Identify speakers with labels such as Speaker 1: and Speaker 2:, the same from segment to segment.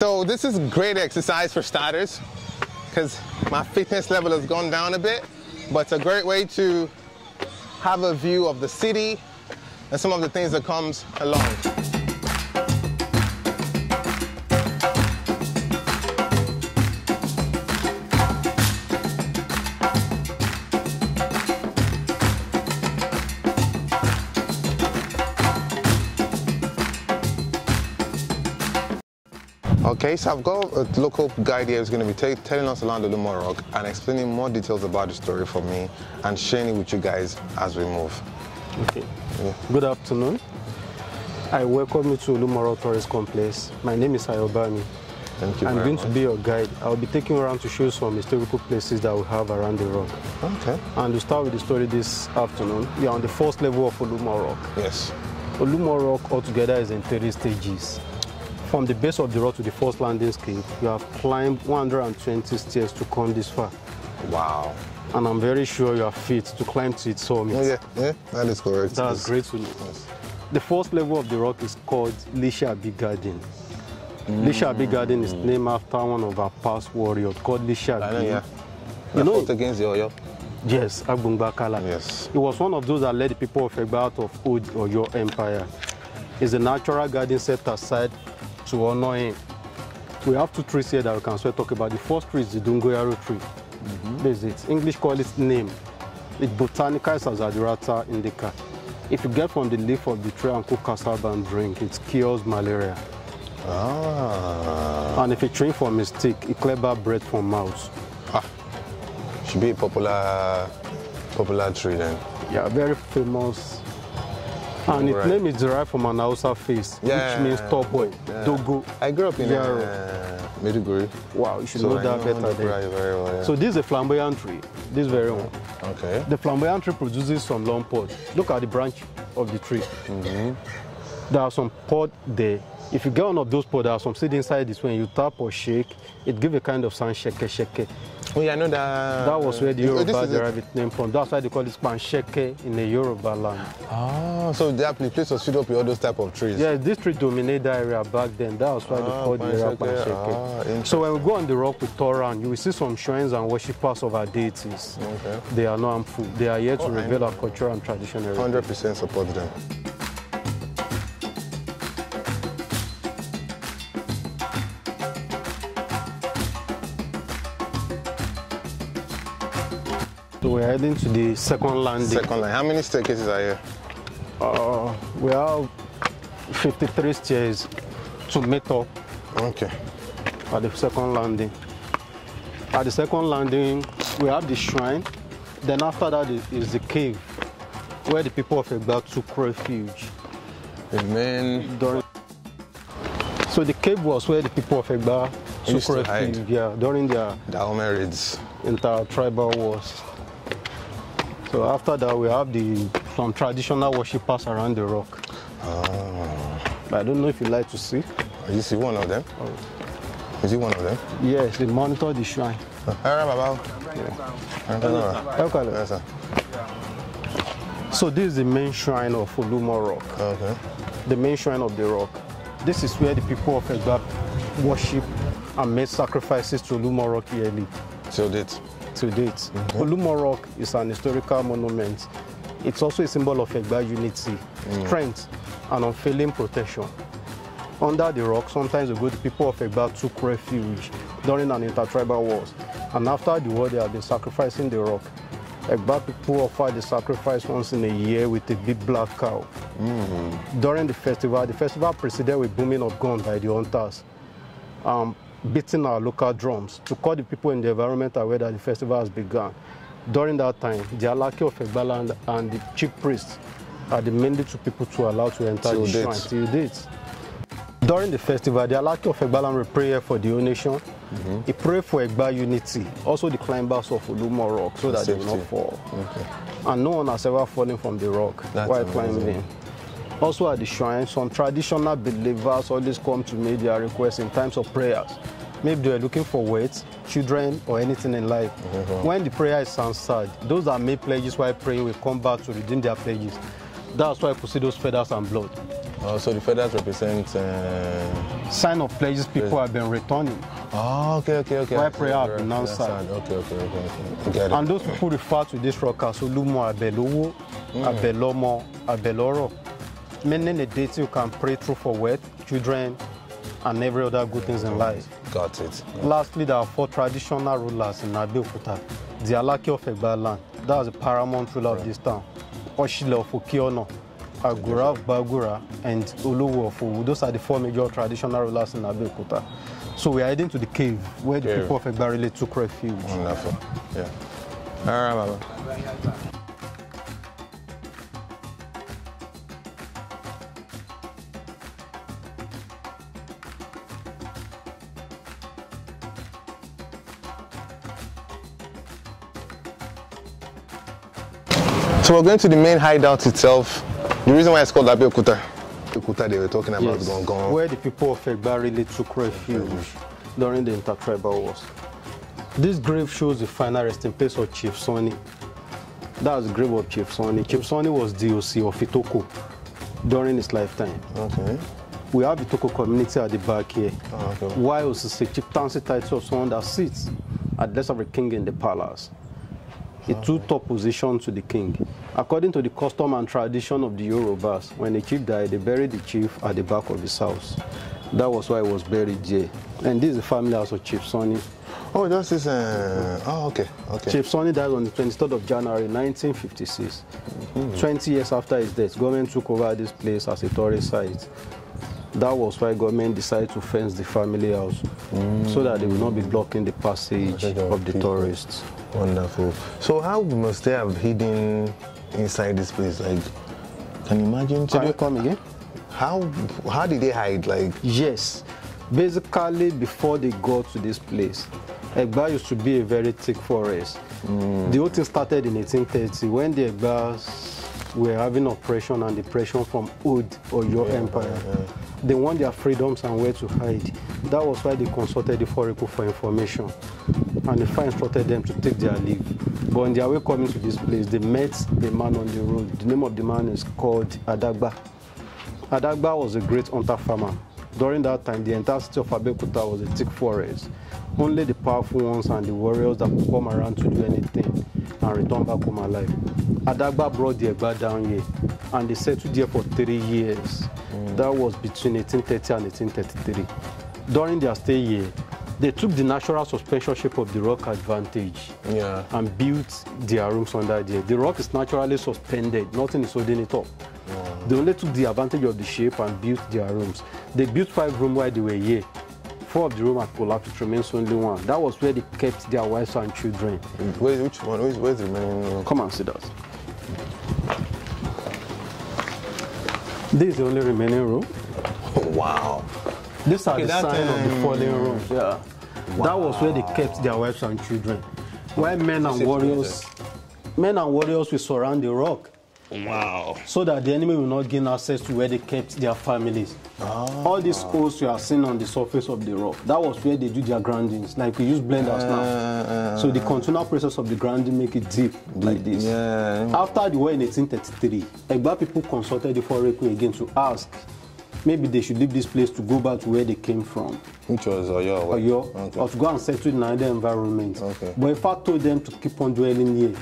Speaker 1: So this is great exercise for starters because my fitness level has gone down a bit, but it's a great way to have a view of the city and some of the things that comes along. Okay, so I've got a local guide here who's going to be telling us the Lumorok and explaining more details about the story for me and sharing it with you guys as we move. Okay. Yeah.
Speaker 2: Good afternoon. I welcome you to Lumorok Tourist Complex. My name is Ayobami. Thank you. I'm going much. to be your guide. I'll be taking you around to show some historical places that we have around the rock. Okay. And we start with the story this afternoon. you are on the first level of Oluma Rock. Yes. Oluma Rock altogether is in three stages. From the base of the rock to the first landing screen, you have climbed 120 stairs to come this far. Wow. And I'm very sure you are fit to climb to its summit. Yeah, yeah, that is
Speaker 1: correct. That's yes. great to know. Yes.
Speaker 2: The first level of the rock is called Lisha Big Garden. Mm. Lisha Big Garden is named after one of our past warriors called Lisha I know, yeah. You know, against the Oyo. Yes, lot. Yes. He was one of those that led the people of Egba out of Oyo Empire. It's a natural garden set aside to honor him. We have two trees here that we can swear talk about. The first tree is the Dungoyaro tree. Mm -hmm. it. English call it name. It botanica is Azadirata indica. If you get from the leaf of the tree and cook cassava and drink, it cures malaria. Ah. And if you drink from a stick, it clever bread from mouth. Ah. Should be a popular, popular tree then. Yeah, very famous and its name is derived from an Hausa face, yeah. which means top boy, yeah. Dogo. I grew up in Yaro. Uh, Meduguri. Wow, you should so know I that know better than well, yeah. So this is a flamboyant tree, this very one. Okay. The flamboyant tree produces some long pods. Look at the branch of the tree. Mm -hmm. There are some pods there. If you get one of those pods, there are some seed inside this. When you tap or shake, it gives a kind of sound, shake, shake. Oh yeah, I know that. That was where the Yoruba derived its name from. That's why they call it Pansheke in the Yoruba land. Ah, so that place was filled up with all those type of trees. Yeah, this tree dominated the area back then. That was why ah, they called Pansheke. the area Pansheke. Ah, so when we go on the rock with Toran, you will see some shrines and worshippers of our deities. Okay. They are not harmful. They are here to oh, reveal our culture and tradition. Hundred
Speaker 1: percent support them.
Speaker 2: heading to the second landing. Second landing. How many staircases are here? Uh, we have 53 stairs to meet up. Okay. At the second landing. At the second landing, we have the shrine. Then after that is the cave, where the people of Egba took refuge. Amen. During so the cave was where the people of Egba took refuge yeah, during their Dahomey raids, inter-tribal wars. So after that, we have the some traditional worshippers around the rock. Ah. I don't know if you like to see. You see one of them? Oh. Is he one of them? Yes, they monitor the shrine.
Speaker 1: Yeah.
Speaker 2: So this is the main shrine of Olumo Rock. Okay. The main shrine of the rock. This is where the people of Egba worship and make sacrifices to Olumo Rock yearly. So date to date. Mm -hmm. Rock is an historical monument. It's also a symbol of Egba unity, mm. strength, and unfailing protection. Under the rock, sometimes the good people of Egba took refuge during an intertribal wars. And after the war, they have been sacrificing the rock. Egba people offer the sacrifice once in a year with a big black cow. Mm -hmm. During the festival, the festival preceded with booming of guns by the hunters. Um, beating our local drums to call the people in the environment aware that the festival has begun. During that time, the Alaki of Egbaland and the chief priest are the to two people to allow to enter till the date. shrine till date. During the festival, the Alaki of Egbaland will pray for the nation. Mm -hmm. He pray for Egba unity, also the climbers of Olumo Rock, so and that safety. they will not fall. Okay. And no one has ever fallen from the rock That's while amazing. climbing. Also at the shrine, some traditional believers always come to make their requests in times of prayers. Maybe they're looking for weights, children, or anything in life. Mm -hmm. When the prayer is answered, those that made pledges while praying will come back to redeem their pledges. That's why we see those feathers and blood. Uh, so the feathers represent... Uh... Sign of pledges people have been returning. Oh, okay, okay, okay. Why prayer have been answered. Okay, okay, okay. okay. And those people refer to this rock as Olumo Abelowo, mm. Abelomo, Abeloro. Many a date you can pray through for wealth, children, and every other good things in life. Got it. Yeah. Lastly, there are four traditional rulers in Abeokuta. The Alaki of Egbaland, that's the paramount ruler right. of this town. Oshile of Okiono, Agura of Bagura, and Uluwo of Owu. Those are the four major traditional rulers in Abeokuta. So we are heading to the cave where the cave. people of Egba really took refuge. Wonderful. Yeah. All right, Baba.
Speaker 1: So we're going to the main hideout itself. The reason why it's called Abeokuta. Abeokuta they were talking about yes. Gongon. Where
Speaker 2: the people of Egbarili took refuge mm. during the intertribal wars. This grave shows the final resting place of Chief Sonny. That's the grave of Chief Sonny. Chief Sonny was DOC of Itoko during his lifetime. Okay. We have Itoko community at the back here. okay. Why was the chieftaincy title of someone that sits at the desk of a king in the palace? a two-top position to the king. According to the custom and tradition of the Yorubas, when a chief died, they buried the chief at the back of his house. That was why he was buried there. And this is the family house of Chief Sonny. Oh, that's his, uh, oh, okay, okay. Chief Sonny died on the 23rd of January, 1956. Mm -hmm. 20 years after his death, government took over this place as a tourist site. That was why government decided to fence the family house mm. so that they will not be blocking the passage of the people. tourists. Wonderful. So
Speaker 1: how must they have hidden inside this place? Like, can you imagine? Can you
Speaker 2: come again? How how did they hide? Like yes, basically before they got to this place, Egba used to be a very thick forest. Mm. The whole thing started in 1830 when the Egbas were having oppression and depression from Ud or your yeah, empire. Yeah. They want their freedoms and where to hide. That was why they consulted the Foreco for information. and the fire instructed them to take their leave. But on their way coming to this place, they met the man on the road. The name of the man is called Adagba. Adagba was a great hunter farmer. During that time, the entire city of Abeokuta was a thick forest. Only the powerful ones and the warriors that could come around to do anything and return back home alive. Adagba brought the Egba down here and they settled there for three years. Mm. That was between 1830 and 1833. During their stay here, They took the natural suspension shape of the rock advantage yeah. and built their rooms under there. The rock is naturally suspended, nothing is holding it up. Yeah. They only took the advantage of the shape and built their rooms. They built five rooms while they were here. Four of the rooms had collapsed, it remains only one. That was where they kept their wives and children. Wait, which one? Where's, where's the remaining? Come and see that. This is the only remaining room. wow. These are okay, the signs of the um, fallen Rome. Yeah. Wow. That was where they kept their wives and children. Where men and warriors, men and warriors will surround the rock. Wow. So that the enemy will not gain access to where they kept their families. Ah. All these holes you are seeing on the surface of the rock, that was where they do their grindings. Like we use blenders uh, now. Uh, so the continual process of the grinding make it deep, deep like this. Yeah. After the war in 1833, Egba people consulted the foreign again to ask maybe they should leave this place to go back to where they came from. Which was Oyo. Oyo. Okay. Or to go and settle in another environment. Okay. But if I told them to keep on dwelling here,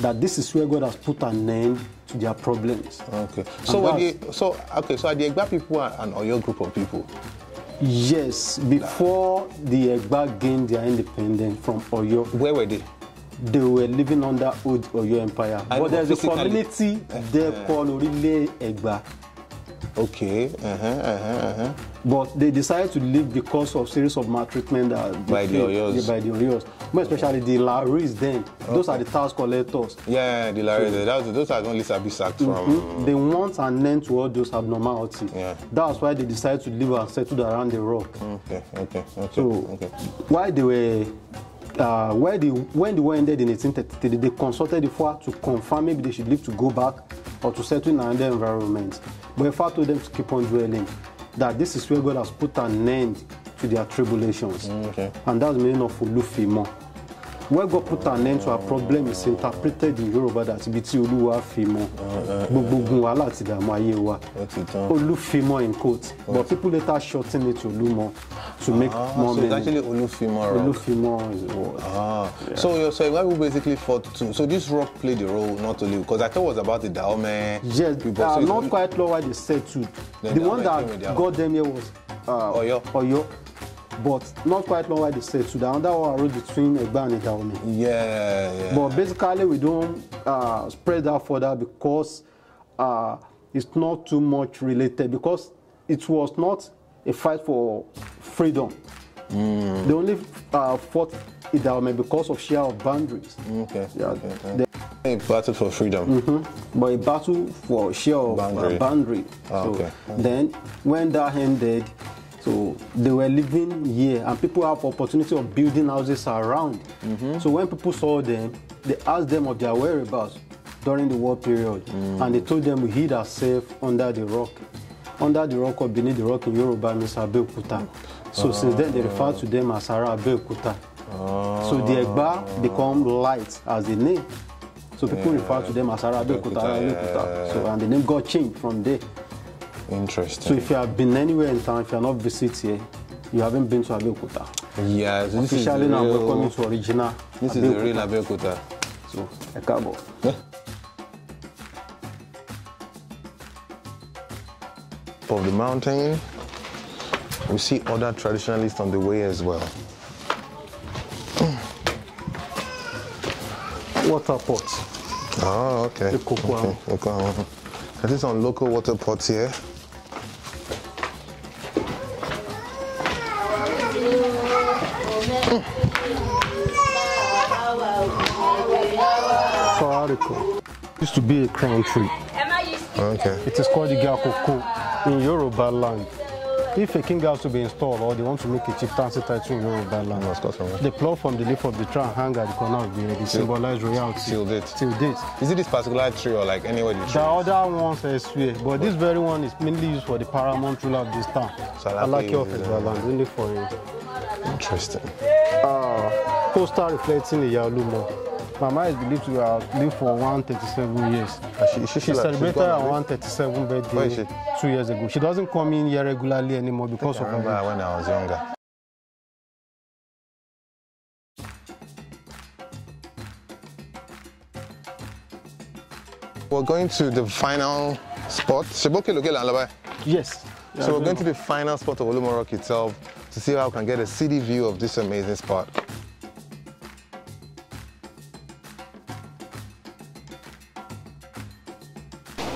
Speaker 2: that this is where God has put an end to their problems. Okay. So and they, so
Speaker 1: okay, so are the Egba
Speaker 2: people an Oyo group of people? Yes, before nah. the Egba gained their independence from Oyo. Where were they? they were living under old Oyo Empire. I but there's a community there yeah. Eh. called Orile Egba. Okay. Uh-huh, uh-huh, uh-huh. But they decided to leave because of series of maltreatment that by the Oyos. By the Oyos. More especially the Laris then. Okay. Those are the task collectors.
Speaker 1: Yeah, yeah the Laris. So, that's, those are only Sabi sacked mm-hmm.
Speaker 2: from. They want an end to all those abnormalities. Yeah. That's why they decided to leave and settled around the rock. Okay, okay, okay. So okay. why they were uh, where the when they were ended in 1833, they consulted the four to confirm maybe they should leave to go back or to settle in another environment. But if I told them to keep on dwelling, that this is where God has put an end to their tribulations. Mm, okay. And that's the meaning of Ulufimo. where God put an end to our problem is interpreted in Yorùbá that ibi tí olúwa fi mọ eh, eh, eh. gbogbogun wàhálà àti ìdààmú ayé wa olúfimọ in quote but people later shorten it to olúmọ to ah, make ah, more so money. so it's actually
Speaker 1: olúfimọ rock
Speaker 2: olúfimọ is the word. Ah. Yeah. so
Speaker 1: your so Iwaiwu basically fought too so this rock played the role not only because I thought it was about the Dahomey. yes people, uh, so not
Speaker 2: quite sure why they said too the, the one that got them here was uh, Oyo. Oyo but not quite long while they say so the another one road between Egba and Itaomi. Yeah, yeah. But basically, we don't uh, spread that further because uh, it's not too much related because it was not a fight for freedom.
Speaker 1: Mm. They
Speaker 2: only uh, fought Itaomi because of share of boundaries. Okay. Yeah. okay, okay. a battle for freedom. Mm -hmm. But a battle for share of boundary. boundary. Ah, so okay. Then, when that ended, So they were living here, and people have opportunity of building houses around. Mm -hmm. So when people saw them, they asked them of their whereabouts during the war period, mm. and they told them we hid ourselves under the rock, under the rock or beneath the rock in Yoruba means Abeokuta. So uh. since then they refer to them as Ara Abeokuta. Uh. So the Egba become light as the name. So people yeah. refer to them as Ara Abeokuta, Abeokuta. Yeah. So and the name got changed from there. Interesting. So if you have been anywhere in town, if you are not visiting, you haven't been to Abeokuta.
Speaker 1: Yes, this Officially is now real... welcoming to original. This Abeokuta. is the real Abeokuta. So, a cabo. of the mountain, we see other traditionalists on the way as well.
Speaker 2: Hmm. Water pots.
Speaker 1: Ah, okay. The cocoa. Okay. okay. This is on local water pots here.
Speaker 2: historical. used to be a crown tree. Okay. It is called the Gakoko in Yoruba land. If a king has to be installed or they want to make a chieftaincy title in Yoruba land, they plow from the leaf of the tree and hang at the corner of the they symbolize royalty. Till date. Till date. Is it this particular tree or like anywhere the tree? The other ones are sweet, but, this very one is mainly used for the paramount ruler of this town. Alaki of Ibaland, uh, only for you. Interesting. Uh, ah, poster reflecting the Yalumo. Mama is believed to have lived for 137 years. She, she, she, she celebrated her 137 birthday two years ago. She doesn't come in here regularly anymore because I of I remember her.
Speaker 1: when I was younger. We're going to the final spot. Shiboke Lugela, alaba. Yes. So we're going to the final spot of Rock itself to see how we can get a city view of this amazing spot.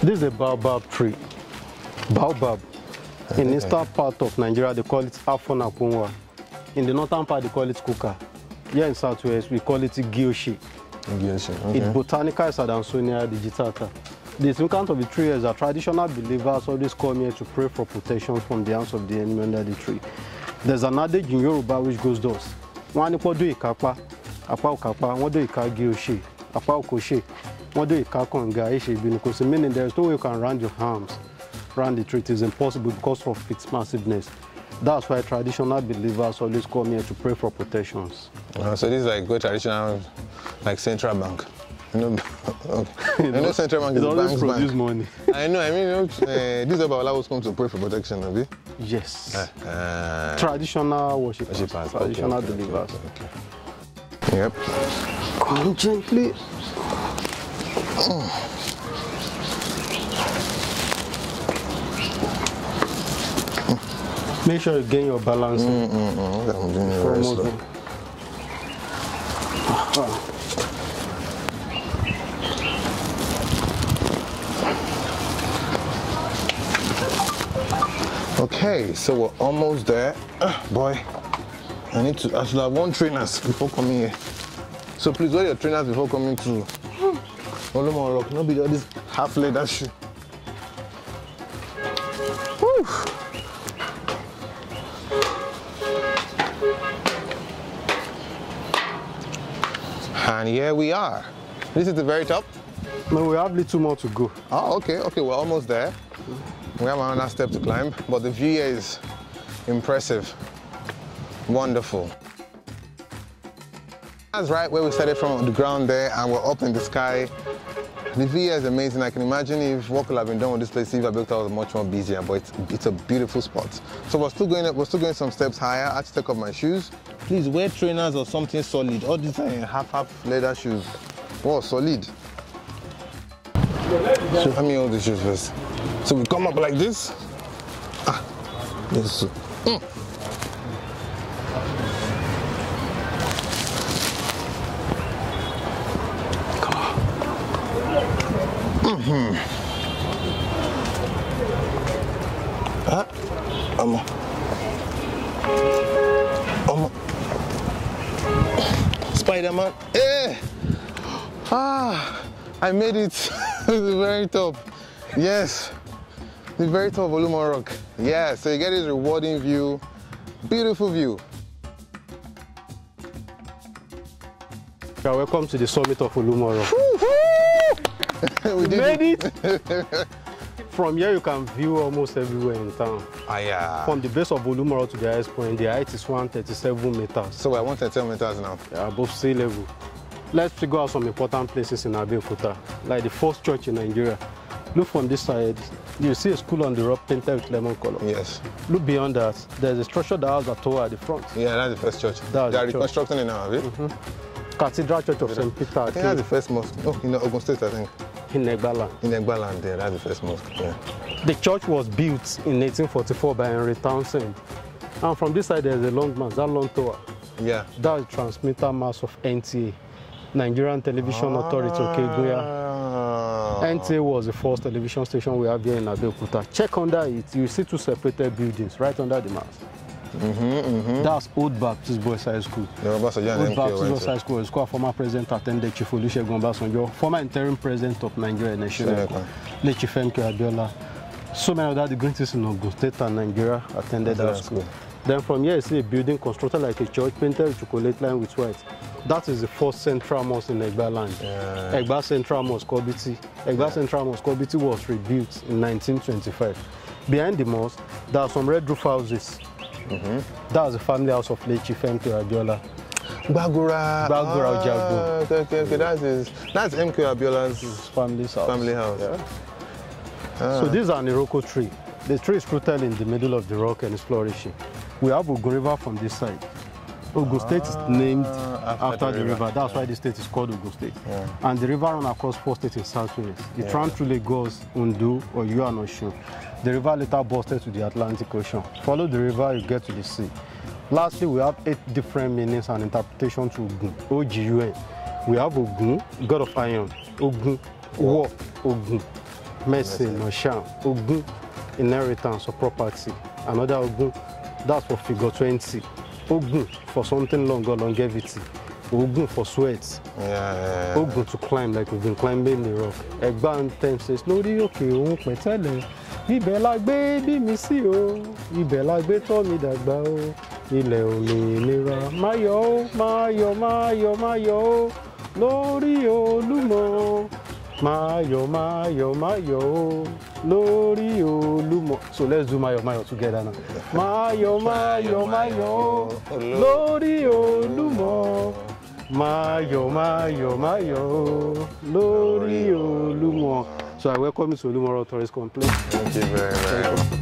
Speaker 2: This is a baobab tree. Baobab. In the eastern part of Nigeria, they call it Afonakunwa. In the northern part, they call it Kuka. Here in southwest, we call it Gyoshi. Gyoshi, okay. Its botanical is Adansonia digitata. The significance of the tree is that traditional believers always come here to pray for protection from the hands of the enemy under the tree. There's an adage in Yoruba which goes thus. Wọ́n á ní pọ́ dún ìkápá, apá ò kápá, wọ́n dún ìká gé What do you Because the meaning there is no way you can round your arms round the tree. It is impossible because of its massiveness. That's why traditional believers always come here to pray for protections.
Speaker 1: Uh, so this is like good traditional, like central bank. No, know, okay. you know, know central bank is always produce money. I know. I mean, you know, uh, this is about allows come to pray for protection, eh, eh. okay? Yes. Uh, uh, traditional worship. traditional okay, okay, believers. Okay, yep. Come gently
Speaker 2: Make sure you gain your balance. Mm, mm, mm. I'm doing it very slow.
Speaker 1: Okay, so we're almost there. Uh, boy, I need to, I should have one trainers before coming here. So please wear your trainers before coming to more rock, no be all this half leather shoe. Woo! And here we are. This is the very top? No, we have little more to go. Oh, okay, okay, we're almost there. We have another step to climb, but the view here is impressive. Wonderful. That's right where we started from the ground there and we're up in the sky. The view is amazing. I can imagine if what could have been done with this place if I built, it, was much more busier, but it's, it's, a beautiful spot. So we're still going up, we're still going some steps higher. I had to take off my shoes. Please wear trainers or something solid. All these are in half-half leather shoes. Oh, solid. So let me hold the shoes first. So we come up like this. Ah, yes. Mm. Hmm. Ha? Ah, Ama. Ama. Spider-Man. Hey! Eh! Ah! I made it to the very top. Yes. The very top
Speaker 2: of Olumo Rock. Yeah,
Speaker 1: so you get this rewarding view. Beautiful view.
Speaker 2: welcome to the summit of Olumo Rock.
Speaker 1: we made
Speaker 2: it. From here, you can view almost everywhere in town. Ah, yeah. From the base of Olumoro to the highest point, the height is 137 meters. So we're 137 meters now? Yeah, above sea level. Let's figure out some important places in Abeokuta, like the first church in Nigeria. Look from this side, you see a school on the rock painted with lemon color. Yes. Look beyond that, there's a structure that has a tower at the front.
Speaker 1: Yeah, that's the first church. That's they are the reconstructing
Speaker 2: church. it now, have you? Mm -hmm. Cathedral Church of St. Peter. I think that's the first mosque. Oh,
Speaker 1: in Ogun State, I think in Negbaland. In Negbaland, yeah, that's the first mosque. Yeah.
Speaker 2: The church was built in 1844 by Henry Townsend. And from this side, there's a long mass, that long tower. Yeah. That's the transmitter mass of NTA, Nigerian Television ah. Authority, Keguya. NTA was the first television station we have here in Abeokuta. Check under it, you see two separated buildings right under the mass. That's Old Baptist Boys High School. Old Baptist Boys High School, a school former president attended Chief Olusegun Obasanjo, former interim president of Nigeria Let Nigeria, late Chief MK Abiola. So many other the greatest in Ogun State and Nigeria attended that school. Then from here, you see a building constructed like a church, painted with chocolate line with white. That is the first central mosque in Egba land. Yeah. Egba Central Mosque Obiti. Egba yeah. Central Mosque Obiti was rebuilt in 1925. Behind the mosque, there are some red roof houses Mm -hmm. That was the family house of Lechi Femke Abiola. Bagura. Bagura ah, Okay, okay, That's that's MK
Speaker 1: Abiola's house. Family house. Yeah.
Speaker 2: Ah. So these are an Iroko tree. The tree is rooted in the middle of the rock and is flourishing. We have a River from this side. Ogun ah, State is named ah, after, after the, river. river. That's yeah. why the state is called Ogun State. Yeah. And the river runs across four states in South Wales. It yeah. runs through Lagos, you are not sure. The river later busted to the Atlantic Ocean. Follow the river, you get to the sea. Lastly, we have eight different meanings and interpretations to Ogun, O-G-U-N. We have Ogun, God of Iron, Ogun, War, Ogun, Mercy, Nosham, Ogun, Inheritance or Property, another Ogun, that's for figure 20. Ogun for something long or longevity. Ogun for sweat. Yeah, yeah, yeah. Ogun to climb like we've been climbing the rock. Ẹ̀gbá ń tẹ̀ ṣe Okay, òkè òun pẹ̀tẹ́lẹ̀ ibẹ̀ la gbé bí mi sí o ibẹ̀ la gbé tọ́ mi dàgbà o ilẹ̀ òmìnira máyọ̀ ó máyọ̀ máyọ̀ máyọ̀ ó lórí olúmọ máyọ̀ máyọ̀ máyọ̀ ó lórí olúmọ so let's do máyọ̀ máyọ̀ together now máyọ̀ máyọ̀ máyọ̀ ó lórí olúmọ máyọ̀ máyọ̀ máyọ̀ ó lórí olúmọ. So I welcome Miss Olumoro to his complaint. Thank you very much.